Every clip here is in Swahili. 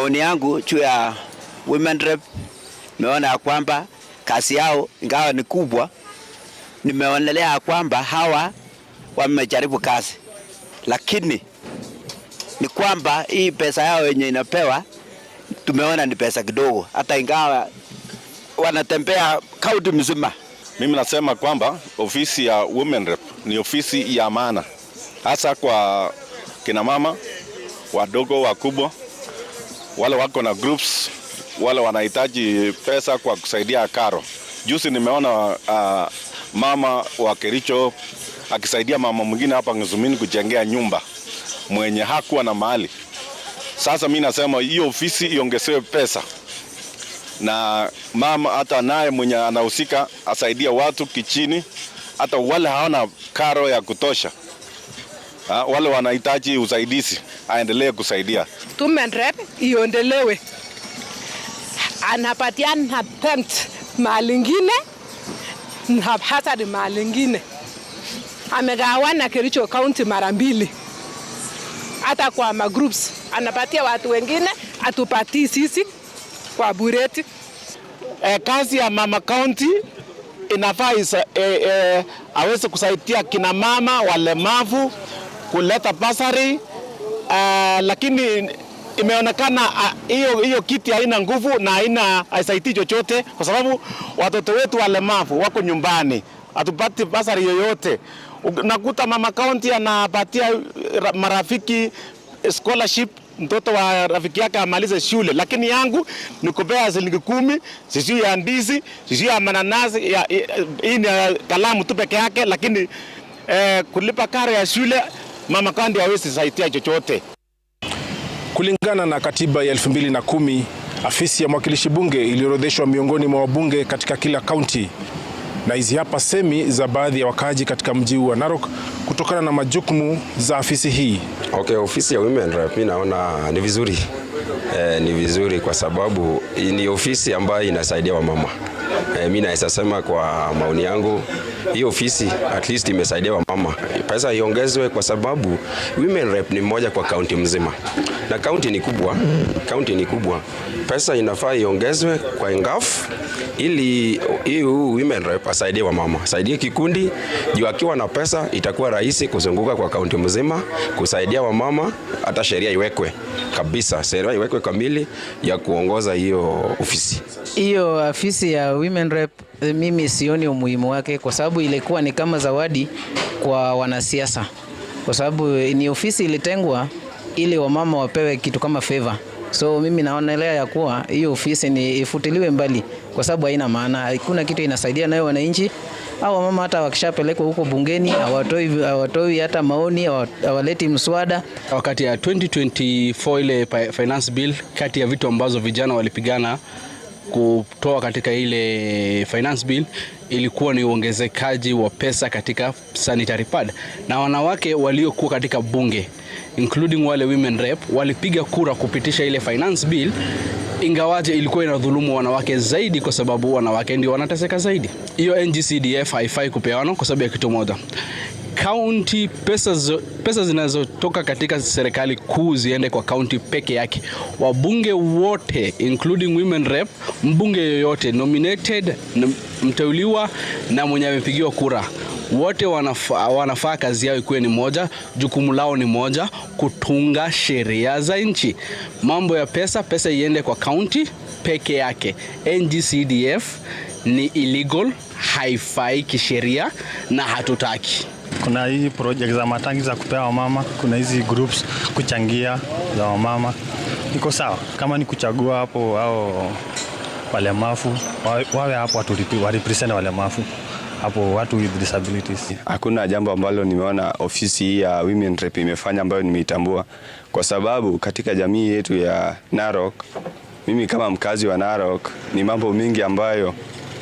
Maoni yangu juu ya women rep, nimeona ya kwamba kazi yao ingawa ni kubwa, nimeonelea ya kwamba hawa wamejaribu kazi, lakini ni kwamba hii pesa yao yenye inapewa tumeona ni pesa kidogo, hata ingawa wanatembea kaunti mzima. Mimi nasema kwamba ofisi ya women rep ni ofisi ya maana hasa kwa kinamama wadogo wakubwa wale wako na groups, wale wanahitaji pesa kwa kusaidia karo. Juzi nimeona uh, mama wa Kericho akisaidia mama mwingine hapa Ngizumini kujengea nyumba mwenye hakuwa na mahali. Sasa mi nasema hiyo ofisi iongezewe pesa na mama hata naye mwenye anahusika asaidia watu kichini, hata wale hawana karo ya kutosha uh, wale wanahitaji usaidizi aendelee kusaidia. Tume NREP iondelewe, anapatiana attempt mahali ingine na Hasadi mahali ingine, amegawana Kericho County mara mbili, hata kwa ma groups anapatia watu wengine, atupatii sisi kwa bureti. E, kazi ya mama county inafaa e, e, aweze kusaidia kina mama walemavu kuleta basari uh, ah, lakini imeonekana ah, hiyo uh, hiyo kiti haina nguvu na haina haisaidii chochote, kwa sababu watoto wetu walemavu wako nyumbani, hatupati basari yoyote. Nakuta mama kaunti anapatia eh, marafiki eh, scholarship mtoto wa rafiki yake amalize shule, lakini yangu nikupewa shilingi kumi, sisiu ya ndizi, sisiu ya mananasi, hii ni eh, kalamu tu peke yake, lakini eh, kulipa karo ya shule Mama Kandi hawezi saidia chochote. Kulingana na katiba ya 2010, afisi ya mwakilishi bunge iliorodheshwa miongoni mwa wabunge katika kila kaunti, na hizi hapa semi za baadhi ya wakaaji katika mji wa Narok kutokana na majukumu za afisi hii. Okay, ofisi ya women rep, mimi naona ni vizuri eh, ni vizuri kwa sababu ni ofisi ambayo inasaidia wamama eh, mimi naweza sema kwa maoni yangu hii ofisi at least imesaidia wamama, pesa iongezwe kwa sababu women rep ni moja kwa kaunti mzima, na kaunti ni kubwa, kaunti ni kubwa. Pesa inafaa iongezwe kwa ngafu ili hii women rep asaidie wamama, asaidie kikundi juu, akiwa na pesa itakuwa rahisi kuzunguka kwa kaunti mzima kusaidia wamama, hata sheria iwekwe kabisa. Sheria sera iwekwe kamili ya kuongoza hiyo ofisi. Hiyo afisi ya women rep mimi sioni umuhimu wake, kwa sababu ilikuwa ni kama zawadi kwa wanasiasa, kwa sababu ni ofisi ilitengwa ili wamama wapewe kitu kama favor. So mimi naonelea ya kuwa hiyo ofisi ni ifutiliwe mbali kwa sababu haina maana, hakuna kitu inasaidia nayo wananchi. Au wamama hata wakishapelekwa huko bungeni hawatoi hawatoi hata maoni, hawaleti mswada. Wakati ya 2024 ile finance bill, kati ya vitu ambazo vijana walipigana kutoa katika ile finance bill ilikuwa ni uongezekaji wa pesa katika sanitary pad, na wanawake waliokuwa katika bunge including wale women rep walipiga kura kupitisha ile finance bill, ingawaje ilikuwa inadhulumu wanawake zaidi, kwa sababu wanawake ndio wanateseka zaidi. Hiyo NGCDF haifai kupeanwa kwa sababu ya kitu moja kaunti pesa, pesa zinazotoka katika serikali kuu ziende kwa kaunti peke yake. Wabunge wote including women rep, mbunge yoyote nominated, mteuliwa na mwenye amepigiwa kura wote wanafaa, wanafa kazi yao ikuwe ni moja, jukumu lao ni moja, kutunga sheria za nchi. Mambo ya pesa, pesa iende kwa kaunti peke yake. NGCDF ni illegal, haifai kisheria na hatutaki. Kuna hizi project za matangi za kupea wamama, kuna hizi groups kuchangia za wamama. Iko sawa kama ni kuchagua hapo hao walemavu wawe hapo watu warepresent walemavu hapo watu with disabilities. Hakuna jambo ambalo nimeona ofisi hii ya Women Rep imefanya ambayo nimeitambua, kwa sababu katika jamii yetu ya Narok, mimi kama mkazi wa Narok, ni mambo mengi ambayo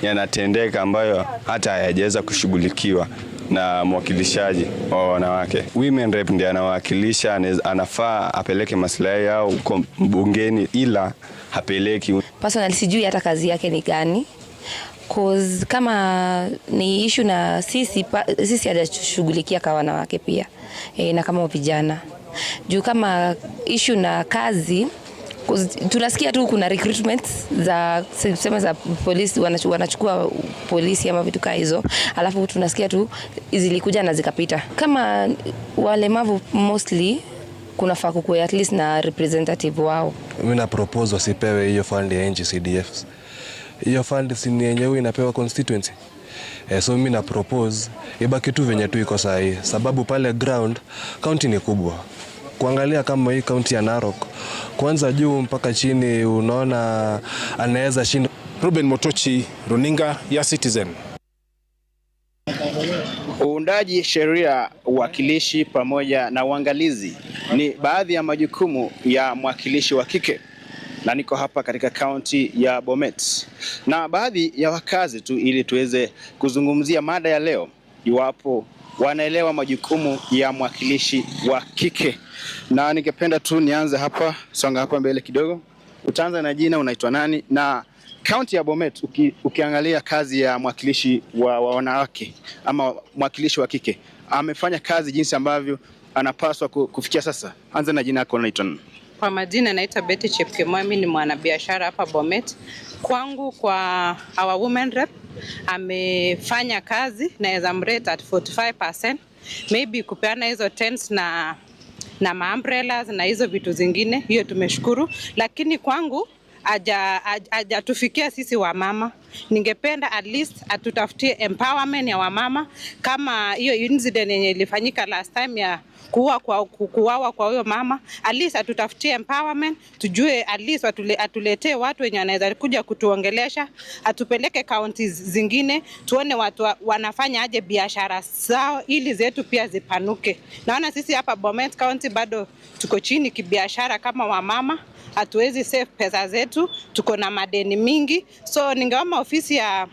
yanatendeka ambayo hata hayajaweza kushughulikiwa na mwakilishaji wa wanawake. Women rep ndiye anawakilisha, anafaa apeleke maslahi yao huko mbungeni, ila hapeleki. Personal sijui hata kazi yake ni gani cause kama ni ishu na sisi pa, sisi hajashughulikia kwa wanawake pia e, na kama vijana juu kama ishu na kazi tunasikia tu kuna recruitment za sema za polisi, wanachukua polisi ama vitu kaa hizo, alafu tunasikia tu zilikuja na zikapita. Kama walemavu mostly kunafaa kukuwe at least na representative wao. Mimi na propose wasipewe hiyo fund ya NGCDF. Hiyo fund si yenyewe inapewa constituency. Eh, so mimi na propose ibaki tu venye tu iko sahihi, sababu pale ground county ni kubwa kuangalia kama hii kaunti ya Narok, kwanza juu mpaka chini, unaona anaweza shinda. Ruben Motochi, runinga ya Citizen. Uundaji sheria, uwakilishi pamoja na uangalizi ni baadhi ya majukumu ya mwakilishi wa kike, na niko hapa katika kaunti ya Bomet na baadhi ya wakazi tu, ili tuweze kuzungumzia mada ya leo, iwapo wanaelewa majukumu ya mwakilishi wa kike na ningependa tu nianze hapa, songa hapa mbele kidogo. Utaanza na jina, unaitwa nani? Na kaunti ya Bomet uki, ukiangalia kazi ya mwakilishi wa, wa wanawake ama mwakilishi wa kike amefanya kazi jinsi ambavyo anapaswa kufikia sasa. Anza na jina yako, unaitwa nani? Kwa majina naitwa Betty Chepkemoi, mimi ni mwanabiashara hapa Bomet. Kwangu kwa our women rep amefanya kazi naweza mrate at 45% maybe kupeana hizo tents na na maumbrellas na hizo vitu zingine, hiyo tumeshukuru, lakini kwangu hajatufikia aja sisi wamama. Ningependa at least atutafutie empowerment ya wamama kama hiyo incident yenye ilifanyika last time ya kuwa kwa kuuawa kwa huyo mama, at least atutafutie empowerment, tujue at least atuletee watu wenye wanaweza kuja kutuongelesha, atupeleke kaunti zingine tuone watu wanafanya aje biashara zao ili zetu pia zipanuke. Naona sisi hapa Bomet County bado tuko chini kibiashara kama wamama, hatuwezi save pesa zetu, tuko na madeni mingi, so ningeomba ofisi ya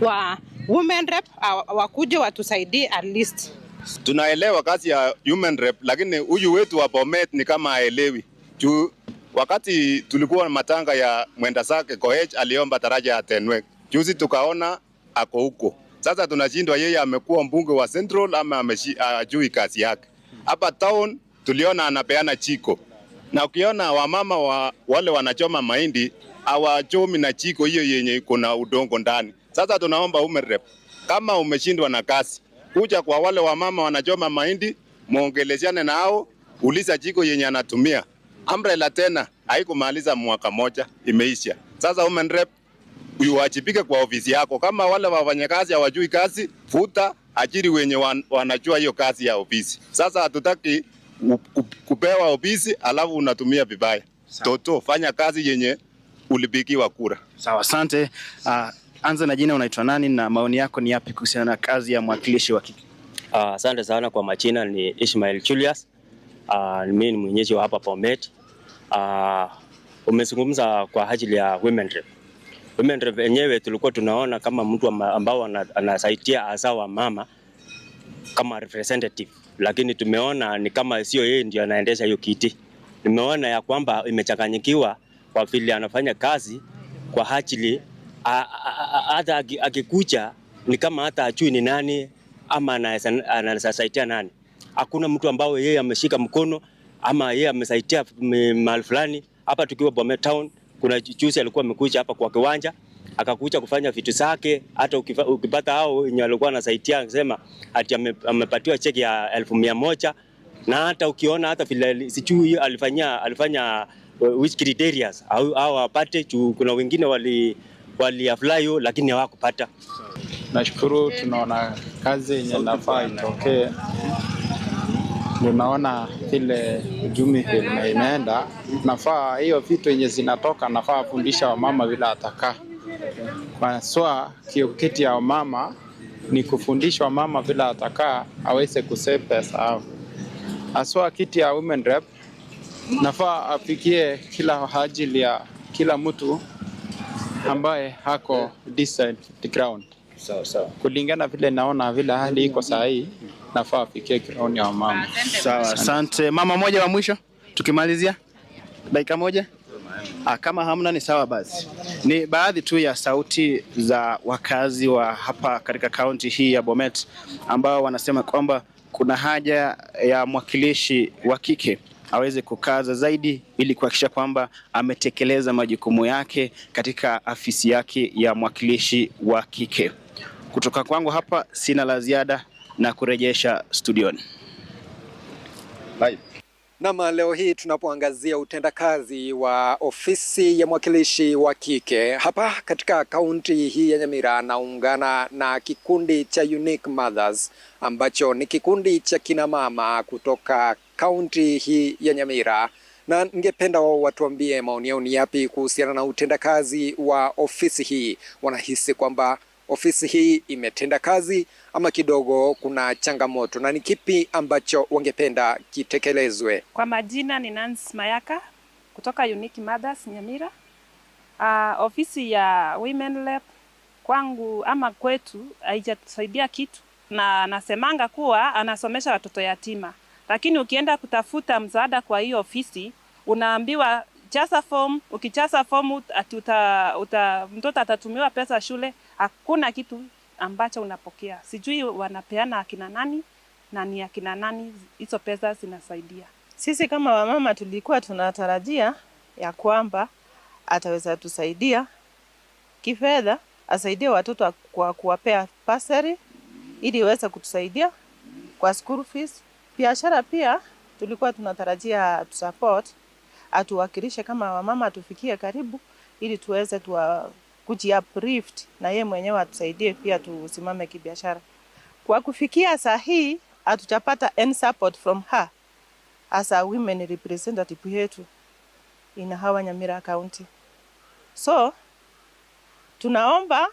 wa women rep wakuje watusaidie at least. Tunaelewa kazi ya human rep, lakini huyu wetu wa Bomet ni kama aelewi juu wakati tulikuwa na matanga ya mwenda zake Koech aliomba taraja ya Tenwe. juzi tukaona ako huko. Sasa tunashindwa yeye amekuwa mbunge wa Central ama ajui kazi yake. Hapa town tuliona anapeana chiko, na ukiona wamama wa, wale wanachoma mahindi hawachomi na chiko hiyo yenye kuna udongo ndani. Sasa tunaomba umerep kama umeshindwa na kazi kuja kwa wale wamama wanachoma mahindi, muongeleziane nao, uliza jiko yenye anatumia. Umbrella tena haikumaliza mwaka moja, imeisha sasa. Women rep, uwajibike kwa ofisi yako. Kama wale wafanyakazi hawajui kazi, futa ajiri wenye wan, wanajua hiyo kazi ya ofisi. Sasa hatutaki kupewa ofisi alafu unatumia vibaya. Toto, fanya kazi yenye ulipigiwa kura. Sawa, asante. Uh, anza na jina, unaitwa nani na maoni yako ni yapi kuhusiana na kazi ya mwakilishi wa kike? Ah, asante uh, sana kwa majina ni Ishmael Julius. Uh, mimi ni mwenyeji wa hapa Bomet. Uh, umezungumza kwa ajili ya women rep. Women rep yenyewe tulikuwa tunaona kama mtu ambao anasaidia hasa wa mama kama representative, lakini tumeona ni kama sio yeye ndio anaendesha hiyo kiti. Nimeona ya kwamba imechanganyikiwa kwa vile anafanya kazi kwa ajili hata akikucha ni kama hata ajui ni nani ama anasaidia nani. Hakuna mtu ambao yeye ameshika mkono ama yeye amesaidia mahali fulani. Hapa tukiwa Bomet Town, kuna juzi alikuwa amekuja hapa kwa kiwanja akakuja kufanya vitu zake. Hata ukipata hao wenye walikuwa anasaidia anasema ati amepatiwa cheki ya elfu mia moja na hata ukiona hata vile sijui alifanya alifanya uh, which criteria au apate, kuna wengine wali waliaplayo lakini hawakupata. Nashukuru, tunaona kazi yenye nafaa itokee. Tunaona ile ujumi imeenda, nafaa hiyo vitu yenye zinatoka, nafaa afundisha wamama vile atakaa maswa kiokiti ya wamama ni kufundisha wamama vile atakaa aweze kusave pesa aswa kiti ya women rep nafaa afikie kila ajili ya kila mtu ambaye hako decide the ground sawa sawa, kulingana vile naona vile hali iko saa hii, nafaa afikie ground ya mama. Sawa, asante mama. Moja wa mwisho tukimalizia, dakika moja. Ah, kama hamna ni sawa basi. Ni baadhi tu ya sauti za wakazi wa hapa katika kaunti hii ya Bomet ambao wanasema kwamba kuna haja ya mwakilishi wa kike aweze kukaza zaidi ili kuhakikisha kwamba ametekeleza majukumu yake katika afisi yake ya mwakilishi wa kike. Kutoka kwangu hapa sina la ziada na kurejesha studioni. Nam, leo hii tunapoangazia utendakazi wa ofisi ya mwakilishi wa kike hapa katika kaunti hii ya Nyamira, naungana na kikundi cha Unique Mothers ambacho ni kikundi cha kinamama kutoka kaunti hii ya Nyamira, na ningependa wao watuambie maoni yao ni yapi kuhusiana na utendakazi wa ofisi hii. Wanahisi kwamba ofisi hii imetenda kazi ama kidogo kuna changamoto, na ni kipi ambacho wangependa kitekelezwe? Kwa majina ni Nancy Mayaka kutoka Unique Mothers Nyamira. Uh, ofisi ya Women Lab kwangu ama kwetu haijatusaidia kitu, na anasemanga kuwa anasomesha watoto yatima lakini ukienda kutafuta msaada kwa hiyo ofisi unaambiwa chasa form. Ukichasa form uta, uta, mtoto atatumiwa pesa shule. Hakuna kitu ambacho unapokea, sijui wanapeana akina nani na ni akina nani hizo pesa zinasaidia. Sisi kama wamama tulikuwa tunatarajia ya kwamba ataweza tusaidia kifedha, asaidie watoto kwa kuwapea pasari ili iweze kutusaidia kwa school fees Biashara pia tulikuwa tunatarajia tusupport, atuwakilishe kama wamama, atufikie karibu ili tuweze tuwa kujiaprift na ye mwenyewe atusaidie pia tusimame kibiashara. Kwa kufikia saa hii hatujapata any support from her as a women representative yetu in hawa Nyamira County. So tunaomba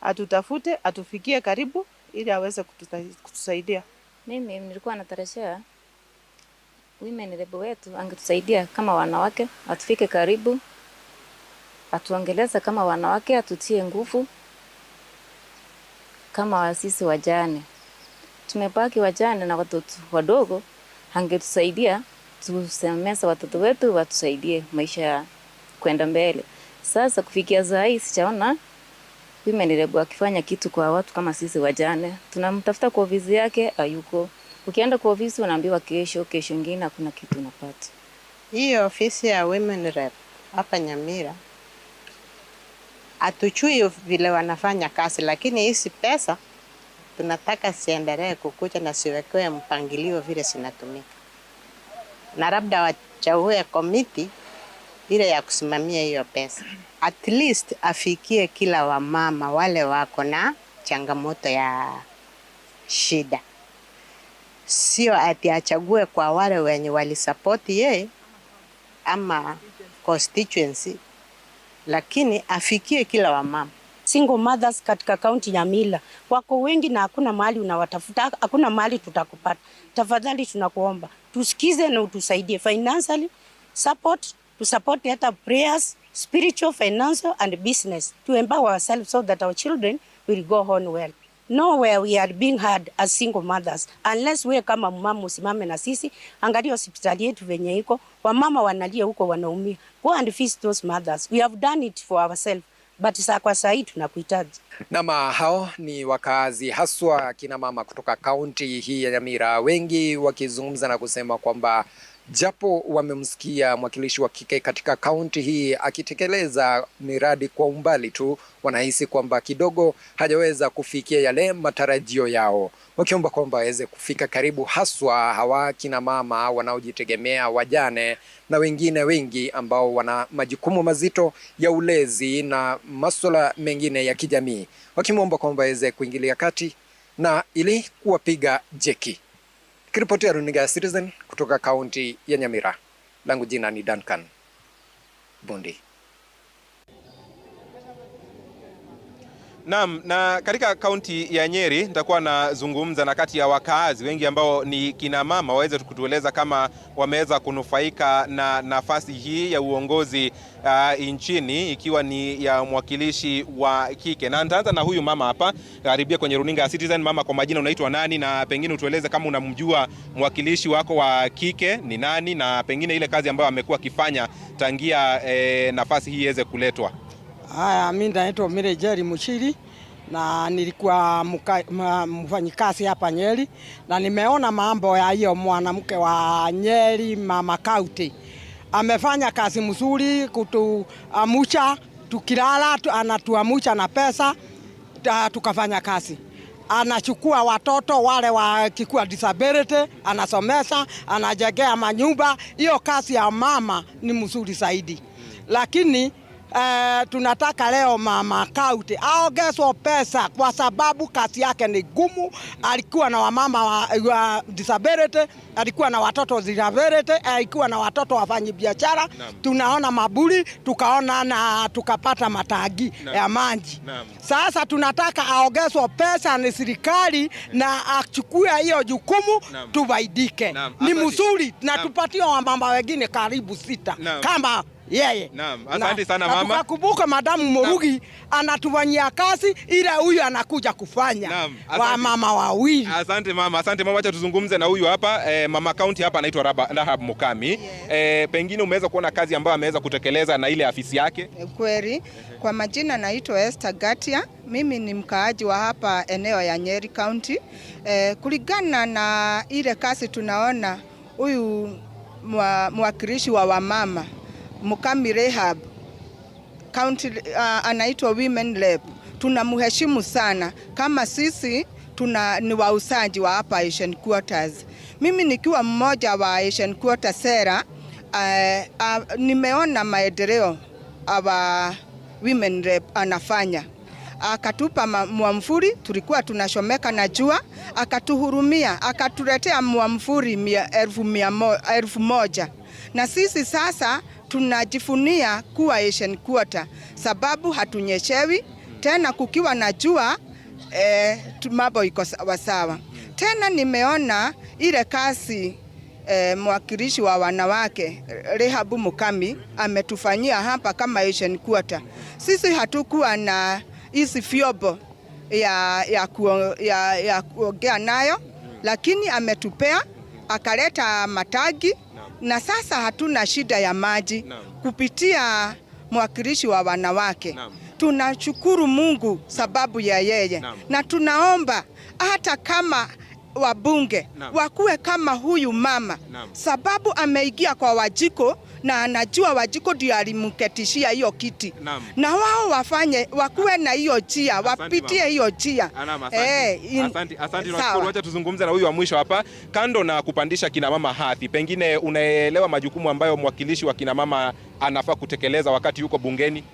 atutafute, atufikie karibu ili aweze kutusaidia. Mimi nilikuwa natarajia women rep wetu angetusaidia kama wanawake, atufike karibu, atuongeleza kama wanawake, atutie nguvu kama sisi wajane. Tumebaki wajane na watoto wadogo, angetusaidia tusemesa watoto wetu, watusaidie maisha ya kwenda mbele. Sasa kufikia saa hii sijaona women rep akifanya kitu kwa watu kama sisi wajane, tunamtafuta kwa ofisi yake, hayuko. Ukienda kwa ofisi unaambiwa kesho, kesho ingine hakuna kitu unapata. Hiyo ofisi ya women rep hapa Nyamira hatuchui vile wanafanya kazi, lakini hizi pesa tunataka siendelee kukuja na siwekewe mpangilio vile zinatumika, na labda wachaue komiti ile ya kusimamia hiyo pesa, at least afikie kila wamama wale wako na changamoto ya shida, sio ati achague kwa wale wenye walisapoti yeye ama constituency, lakini afikie kila wamama. Single mothers katika kaunti ya Mila wako wengi na hakuna mahali unawatafuta, hakuna mahali tutakupata. Tafadhali tunakuomba tusikize na utusaidie financially support support hata prayers, spiritual, financial and business to empower ourselves so that our children will go on well. Nowhere we are being heard as single mothers unless we kama mama usimame na sisi, angalia hospitali yetu venye iko, wamama wanalia huko wanaumia. Go and feast those mothers. We have done it for ourselves. But saa kwa saa hii tunakuhitaji. Nama hao ni wakazi haswa kina mama kutoka kaunti hii ya Nyamira, wengi wakizungumza na kusema kwamba Japo wamemsikia mwakilishi wa kike katika kaunti hii akitekeleza miradi kwa umbali tu, wanahisi kwamba kidogo hajaweza kufikia yale matarajio yao, wakiomba kwamba aweze kufika karibu, haswa hawa kina mama wanaojitegemea, wajane na wengine wengi ambao wana majukumu mazito ya ulezi na masuala mengine ya kijamii, wakimwomba kwamba aweze kuingilia kati na ili kuwapiga jeki ya runinga ya Citizen kutoka kaunti ya Nyamira, langu jina ni Duncan Bundi. Naam, na katika kaunti ya Nyeri nitakuwa nazungumza na kati ya wakaazi wengi ambao ni kina mama waweze kutueleza kama wameweza kunufaika na nafasi hii ya uongozi uh, nchini ikiwa ni ya mwakilishi wa kike, na nitaanza na huyu mama hapa karibia kwenye runinga ya Citizen. Mama, kwa majina unaitwa nani, na pengine utueleze kama unamjua mwakilishi wako wa kike ni nani, na pengine ile kazi ambayo amekuwa akifanya tangia eh, nafasi hii iweze kuletwa? Haya, mimi naitwa Mire Jerry na nilikuwa mfanyikazi hapa Nyeri na nimeona mambo ya hiyo mwanamke wa Nyeri mama kaunti amefanya kazi mzuri kutuamusha tukilala, anatuamusha na pesa tukafanya kazi. Anachukua watoto wale wakikuwa disability, anasomesha, anajegea manyumba. Hiyo kazi ya mama ni mzuri zaidi, lakini Eh, tunataka leo mama kaunti aongezwe pesa kwa sababu kazi yake ni gumu. Alikuwa na wamama wa, wa disability, alikuwa na watoto disability, alikuwa na watoto wafanyi biashara. Tunaona maburi, tukaona na tukapata matagi Naam. ya maji. Sasa tunataka aongezwe pesa ni serikali na achukue hiyo jukumu tuvaidike Ni mzuri na tupatie wamama wengine karibu sita kama yeye. Naam, asante sana mama. Tukakumbuka madamu Murugi anatufanyia kazi ila huyu anakuja kufanya Naam, wa mama wawili. Asante mama, asante mama, acha tuzungumze na huyu hapa eh, mama kaunti hapa anaitwa Rahab Mukami. Yes. Eh, pengine umeweza kuona kazi ambayo ameweza kutekeleza na ile afisi yake. Eh, kweli. Kwa majina naitwa Esther Gatia. Mimi ni mkaaji wa hapa eneo ya Nyeri County. Eh, kulingana na ile kazi tunaona huyu mwakilishi wa wamama Mukami Rehab county, uh, anaitwa women Lab. Tunamheshimu sana kama sisi tuna ni wausaji wa hapa Asian Quarters. Mimi nikiwa mmoja wa Asian Quarters sera uh, uh, nimeona maendeleo awa women rep anafanya akatupa mwamvuri, tulikuwa tunashomeka na jua, akatuhurumia, akatuletea mwamvuri elfu moja na sisi sasa tunajifunia kuwa Asian quarter sababu hatunyeshewi tena, kukiwa na jua eh, mambo iko sawa. Tena nimeona ile kasi e, mwakilishi wa wanawake Rehabu Mukami ametufanyia hapa kama Asian quarter. Sisi hatukuwa na hizi fyobo ya, ya, kuo, ya, ya kuongea nayo, lakini ametupea akaleta matagi na sasa hatuna shida ya maji no. kupitia mwakilishi wa wanawake no. Tunashukuru Mungu sababu ya yeye no. na tunaomba hata kama wabunge no. wakuwe kama huyu mama no. sababu ameingia kwa Wajiko na anajua Wajiko ndio alimketishia hiyo kiti Naam. na wao wafanye wakuwe na hiyo njia wapitie hiyo njia ah, eh, asante, asante eh, Wacha tuzungumze na huyu wa mwisho hapa. Kando na kupandisha kinamama hadhi, pengine unaelewa majukumu ambayo mwakilishi wa kinamama anafaa kutekeleza wakati yuko bungeni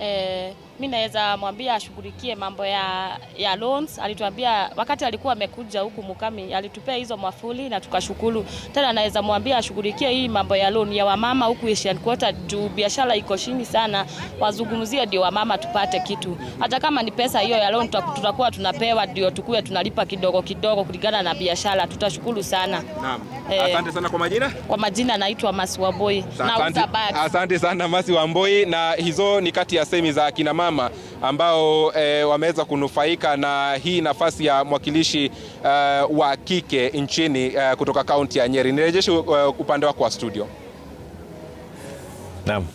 eh mi naweza mwambia ashughulikie mambo ya, ya loans. Alituambia wakati alikuwa amekuja huku Mukami alitupea hizo mwafuli na tukashukuru tena. Naweza mwambia ashughulikie hii mambo ya loan ya wamama huku Asian Quarter juu biashara iko chini sana, wazungumzie ndio wamama tupate kitu, hata kama ni pesa hiyo ya loan tutakuwa tunapewa ndio tukue tunalipa kidogo kidogo kulingana na biashara, tutashukuru sana. Naam. Eh, asante sana kwa majina. Kwa majina naitwa Masi Wamboi na Asante sana Masi Wamboi, na hizo ni kati ya semi za kina mama mama ambao e, wameweza kunufaika na hii nafasi ya mwakilishi e, wa kike nchini e, kutoka kaunti ya Nyeri. Nirejeshe upande wako wa studio. Naam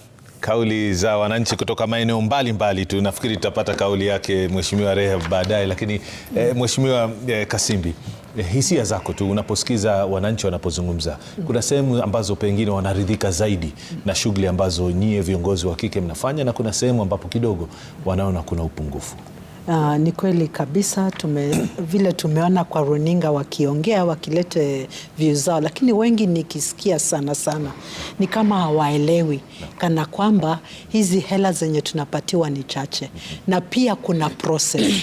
kauli za wananchi kutoka maeneo mbalimbali tu. Nafikiri tutapata kauli yake Mheshimiwa Rehab baadaye, lakini eh, Mheshimiwa eh, Kasimbi eh, hisia zako tu unaposikiza wananchi wanapozungumza, kuna sehemu ambazo pengine wanaridhika zaidi na shughuli ambazo nyie viongozi wa kike mnafanya na kuna sehemu ambapo kidogo wanaona kuna upungufu. Uh, ni kweli kabisa tume, vile tumeona kwa runinga wakiongea wakilete views zao, lakini wengi nikisikia sana sana ni kama hawaelewi kana kwamba hizi hela zenye tunapatiwa ni chache, na pia kuna process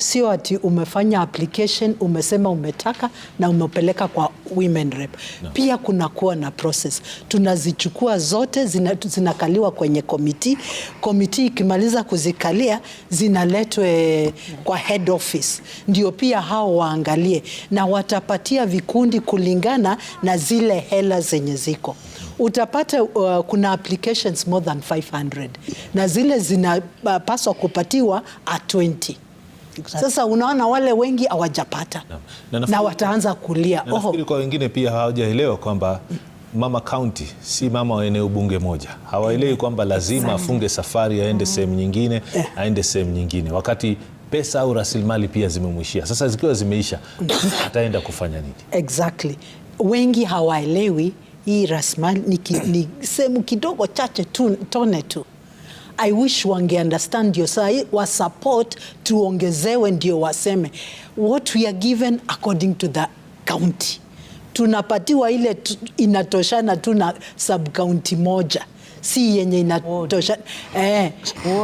sio ati umefanya application umesema umetaka na umepeleka kwa women rep no. Pia kuna kuwa na process, tunazichukua zote zina, zinakaliwa kwenye komiti. Komiti ikimaliza kuzikalia zinaletwe kwa head office, ndio pia hao waangalie na watapatia vikundi kulingana na zile hela zenye ziko utapata uh, kuna applications more than 500 na zile zinapaswa uh, kupatiwa a 20 sasa unaona wale wengi hawajapata na, na, na wataanza kulia. Nafikiri kwa wengine pia hawajaelewa kwamba mama kaunti si mama wa eneo bunge moja. Hawaelewi eh, kwamba lazima afunge safari aende mm. sehemu nyingine, eh. aende sehemu nyingine, wakati pesa au rasilimali pia zimemwishia. Sasa zikiwa zimeisha, ataenda kufanya nini? Exactly, wengi hawaelewi hii rasilimali ni, ni sehemu kidogo chache tu, tone tu I wish wange understand ndio saa wa support tuongezewe, ndio waseme what we are given according to the county. Tunapatiwa ile inatoshana tu na sub county moja si yenye inatosha eh.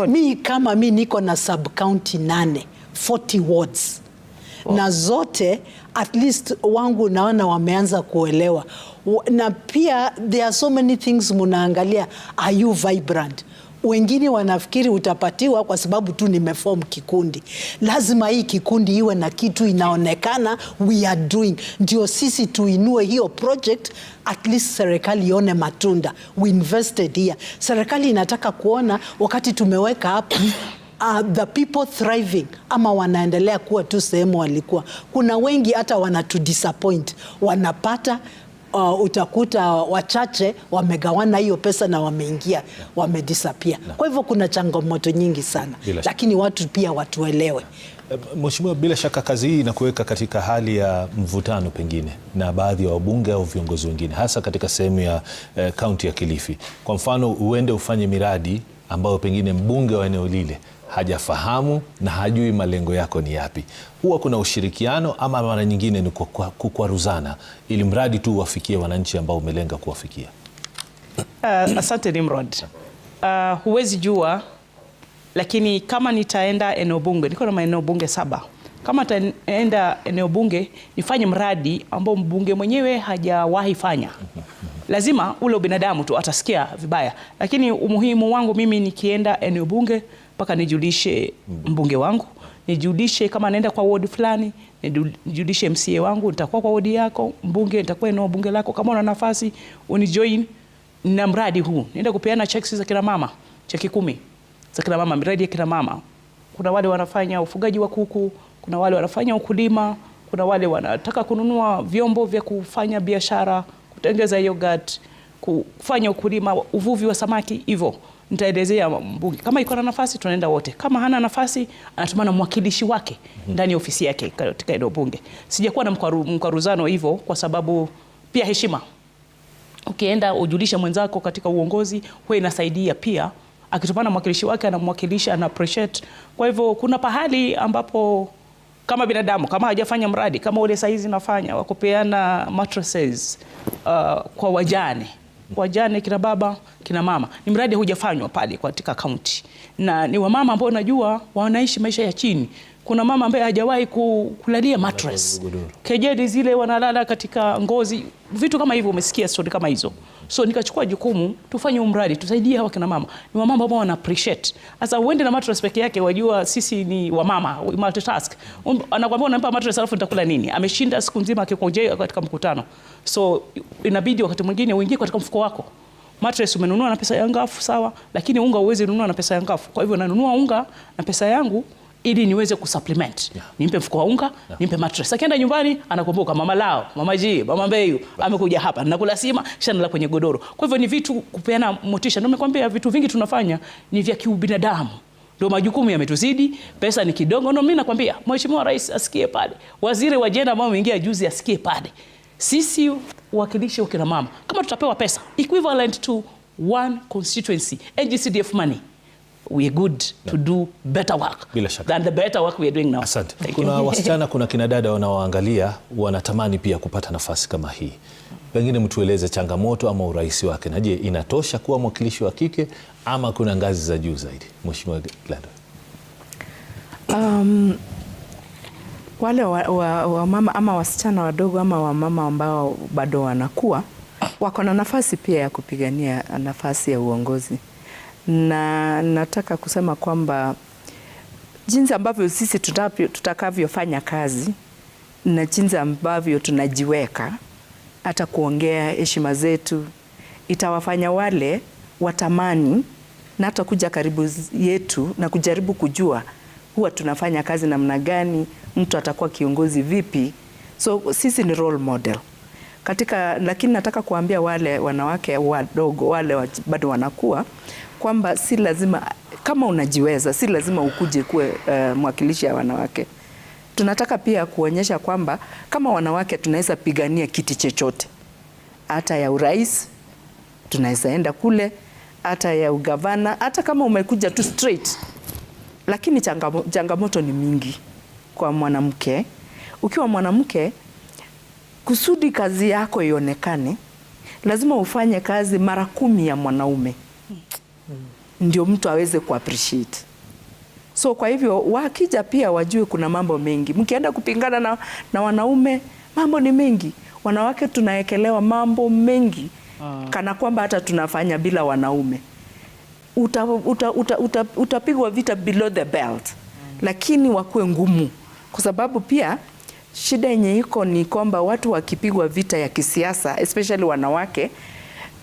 Mi kama mi niko na sub county nane 40 wards Na zote at least wangu naona wameanza kuelewa, na pia there are so many things munaangalia, are you vibrant wengine wanafikiri utapatiwa kwa sababu tu nimeform kikundi. Lazima hii kikundi iwe na kitu inaonekana we are doing, ndio sisi tuinue hiyo project, at least serikali ione matunda, we invested here. Serikali inataka kuona wakati tumeweka hapa Uh, the people thriving ama wanaendelea kuwa tu sehemu walikuwa. Kuna wengi hata wanatu disappoint wanapata uh, utakuta wachache wamegawana hiyo pesa na wameingia wamedisapia. Kwa hivyo kuna changamoto nyingi sana, lakini watu pia watuelewe. Eh, mheshimiwa, bila shaka kazi hii inakuweka katika hali ya mvutano pengine na baadhi ya wabunge au viongozi wengine, hasa katika sehemu ya eh, kaunti eh, ya Kilifi. Kwa mfano, uende ufanye miradi ambayo pengine mbunge wa eneo lile hajafahamu na hajui malengo yako ni yapi. Huwa kuna ushirikiano ama mara nyingine ni kukwaruzana, ili mradi tu uwafikie wananchi ambao umelenga kuwafikia. Uh, asante Nimrod. Uh, huwezi jua, lakini kama nitaenda eneo bunge, niko na maeneo bunge saba kama taenda eneo bunge nifanye mradi ambao mbunge mwenyewe hajawahi fanya, lazima ule ubinadamu tu atasikia vibaya, lakini umuhimu wangu mimi nikienda eneo bunge mpaka nijulishe mbunge wangu, nijulishe kama naenda kwa wodi fulani, nijulishe MCA wangu, nitakuwa kwa wodi yako mbunge, nitakuwa eneo bunge lako, kama una nafasi unijoin na mradi huu. Naenda kupeana cheki za kina mama, cheki kumi za kina mama, miradi ya kina mama. Kuna wale wanafanya ufugaji wa kuku, kuna wale wanafanya ukulima, kuna wale wanataka kununua vyombo vya kufanya biashara, kutengeza yogurt, kufanya ukulima, uvuvi wa samaki hivyo nitaelezea mbunge kama iko na nafasi, tunaenda wote. Kama hana nafasi, anatuma na mwakilishi wake mhm. ndani ya ofisi yake katika eneo bunge. Sijakuwa na mkwaruzano hivyo, kwa sababu pia heshima, ukienda ujulisha mwenzako katika uongozi, huwa inasaidia pia. Akituma na mwakilishi wake, anamwakilisha ana appreciate. Kwa hivyo kuna pahali ambapo kama binadamu kama hajafanya mradi kama ule saizi nafanya wa kupeana mattresses uh, kwa wajane wajane, kina baba, kina mama, ni mradi hujafanywa pale katika kaunti, na ni wamama ambao najua wanaishi maisha ya chini. Kuna mama ambaye hajawahi kulalia mattress, kejeli zile wanalala katika ngozi, vitu kama hivyo. Umesikia stori kama hizo. So nikachukua jukumu tufanye umradi, tusaidie hawa kina mama. Ni wamama ambao wana appreciate. Sasa uende na mattress peke yake, wajua sisi ni wamama multitask. Um, anakuambia unampa mattress alafu nitakula nini? Ameshinda siku nzima akikojea katika mkutano. So inabidi wakati mwingine uingie katika mfuko wako. Mattress umenunua na pesa yangafu sawa, lakini unga uwezi nunua na pesa yangafu. Kwa hivyo nanunua unga na pesa yangu ili niweze kusupplement yeah. Nimpe mfuko wa unga yeah. Nimpe mattress. Akienda nyumbani anakumbuka mama lao, mama ji, mama mbeyu amekuja hapa, ninakula sima kisha nalala kwenye godoro. Kwa hivyo ni vitu kupeana motisha, ndio nimekwambia vitu vingi tunafanya ni vya kiubinadamu ndio majukumu yametuzidi, pesa ni kidogo. Ndio mimi nakwambia Mheshimiwa Rais asikie pale, waziri wa jenda ambao ameingia juzi asikie pale. Sisi wakilishi wa kina mama, kama tutapewa pesa equivalent to one constituency NGCDF money we good yeah. to do better work Bila shaka. than the better work we are doing now. Asante. Kuna wasichana, kuna kinadada wanaoangalia wanatamani pia kupata nafasi kama hii, pengine mtueleze changamoto ama urahisi wake, na je, inatosha kuwa mwakilishi wa kike ama kuna ngazi za juu zaidi, Mheshimiwa Gladwell? Um, wale wa, wa, wa ama wasichana wadogo ama wamama ambao bado wanakuwa wako na nafasi pia ya kupigania nafasi ya uongozi na nataka kusema kwamba jinsi ambavyo sisi tutakavyofanya kazi na jinsi ambavyo tunajiweka hata kuongea heshima zetu itawafanya wale watamani na hata kuja karibu yetu na kujaribu kujua huwa tunafanya kazi namna gani, mtu atakuwa kiongozi vipi. So sisi ni role model katika, lakini nataka kuambia wale wanawake wadogo wale bado wanakuwa kwamba si lazima kama unajiweza, si lazima ukuje kuwe uh, mwakilishi ya wanawake. Tunataka pia kuonyesha kwamba kama wanawake tunaweza pigania kiti chochote, hata ya urais tunaweza enda kule, hata ya ugavana, hata kama umekuja tu straight. Lakini changamoto ni mingi kwa mwanamke. Ukiwa mwanamke kusudi kazi yako ionekane, lazima ufanye kazi mara kumi ya mwanaume ndio mtu aweze kuappreciate. So kwa hivyo wakija pia wajue kuna mambo mengi. Mkienda kupingana na, na wanaume mambo ni mengi, wanawake tunaekelewa mambo mengi uh, kana kwamba hata tunafanya bila wanaume. Utapigwa uta, uta, uta, uta vita below the belt, hmm. lakini wakuwe ngumu kwa sababu pia Shida yenye iko ni kwamba watu wakipigwa vita ya kisiasa especially wanawake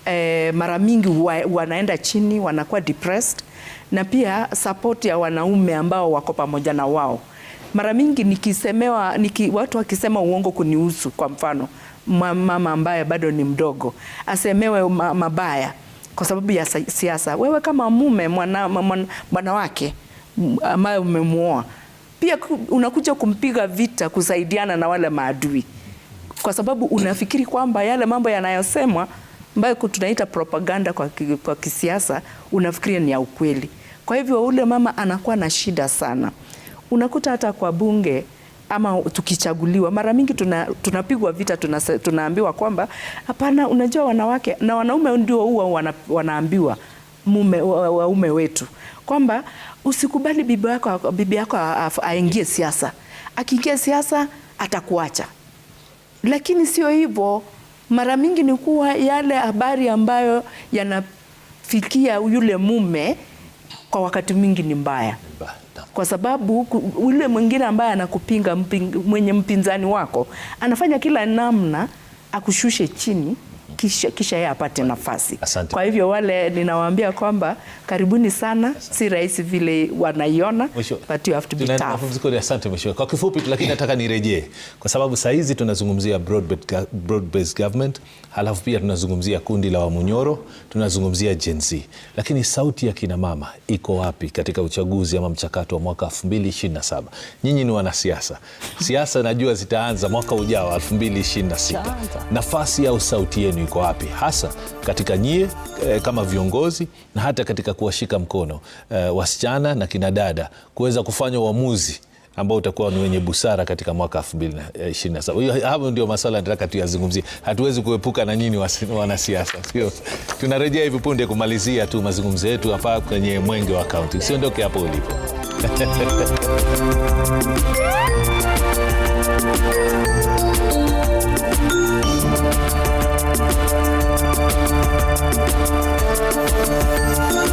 eh, mara mingi wa, wanaenda chini wanakuwa depressed, na pia support ya wanaume ambao wako pamoja na wao. Mara mingi nikisemewa niki, watu wakisema uongo kunihusu, kwa mfano mama ambaye bado ni mdogo asemewe mabaya kwa sababu ya siasa, wewe kama mume mwana, mwana, mwanawake ambaye umemuoa pia unakuja kumpiga vita, kusaidiana na wale maadui, kwa sababu unafikiri kwamba yale mambo yanayosemwa ambayo tunaita propaganda kwa, kwa kisiasa unafikiria ni ya ukweli. Kwa hivyo ule mama anakuwa na shida sana. Unakuta hata kwa bunge ama tukichaguliwa mara mingi tuna, tunapigwa vita tuna, tunaambiwa kwamba hapana, unajua wanawake na wanaume ndio huwa wanaambiwa mume waume wetu kwamba usikubali bibi yako, bibi yako aingie siasa. Akiingia siasa atakuacha, lakini sio hivyo. Mara mingi ni kuwa yale habari ambayo yanafikia yule mume kwa wakati mwingi ni mbaya, kwa sababu yule mwingine ambaye anakupinga mping, mwenye mpinzani wako anafanya kila namna akushushe chini kisha, kisha yeye apate nafasi. Kwa hivyo wale ninawaambia kwamba karibuni sana. Asante. Si rahisi vile wanaiona but you have to be tough. Asante mheshimiwa. Kwa kifupi lakini nataka nirejee kwa sababu saa hizi tunazungumzia broad based government, halafu pia tunazungumzia kundi la Wamunyoro, tunazungumzia Gen Z, lakini sauti ya kina mama iko wapi katika uchaguzi ama mchakato wa mwaka 2027? Nyinyi ni wanasiasa, siasa najua zitaanza mwaka ujao 2026, nafasi au sauti yenu iko iko wapi hasa katika nyie e, kama viongozi na hata katika kuwashika mkono e, wasichana na kinadada kuweza kufanya uamuzi ambao utakuwa ni wenye busara katika mwaka 2027. Eh, hapo ndio masuala nataka tuyazungumzie. Hatuwezi kuepuka na nyinyi wanasiasa, sio? Tunarejea hivi punde kumalizia tu mazungumzo yetu hapa kwenye Mwenge wa Kaunti. Usiondoke hapo ulipo.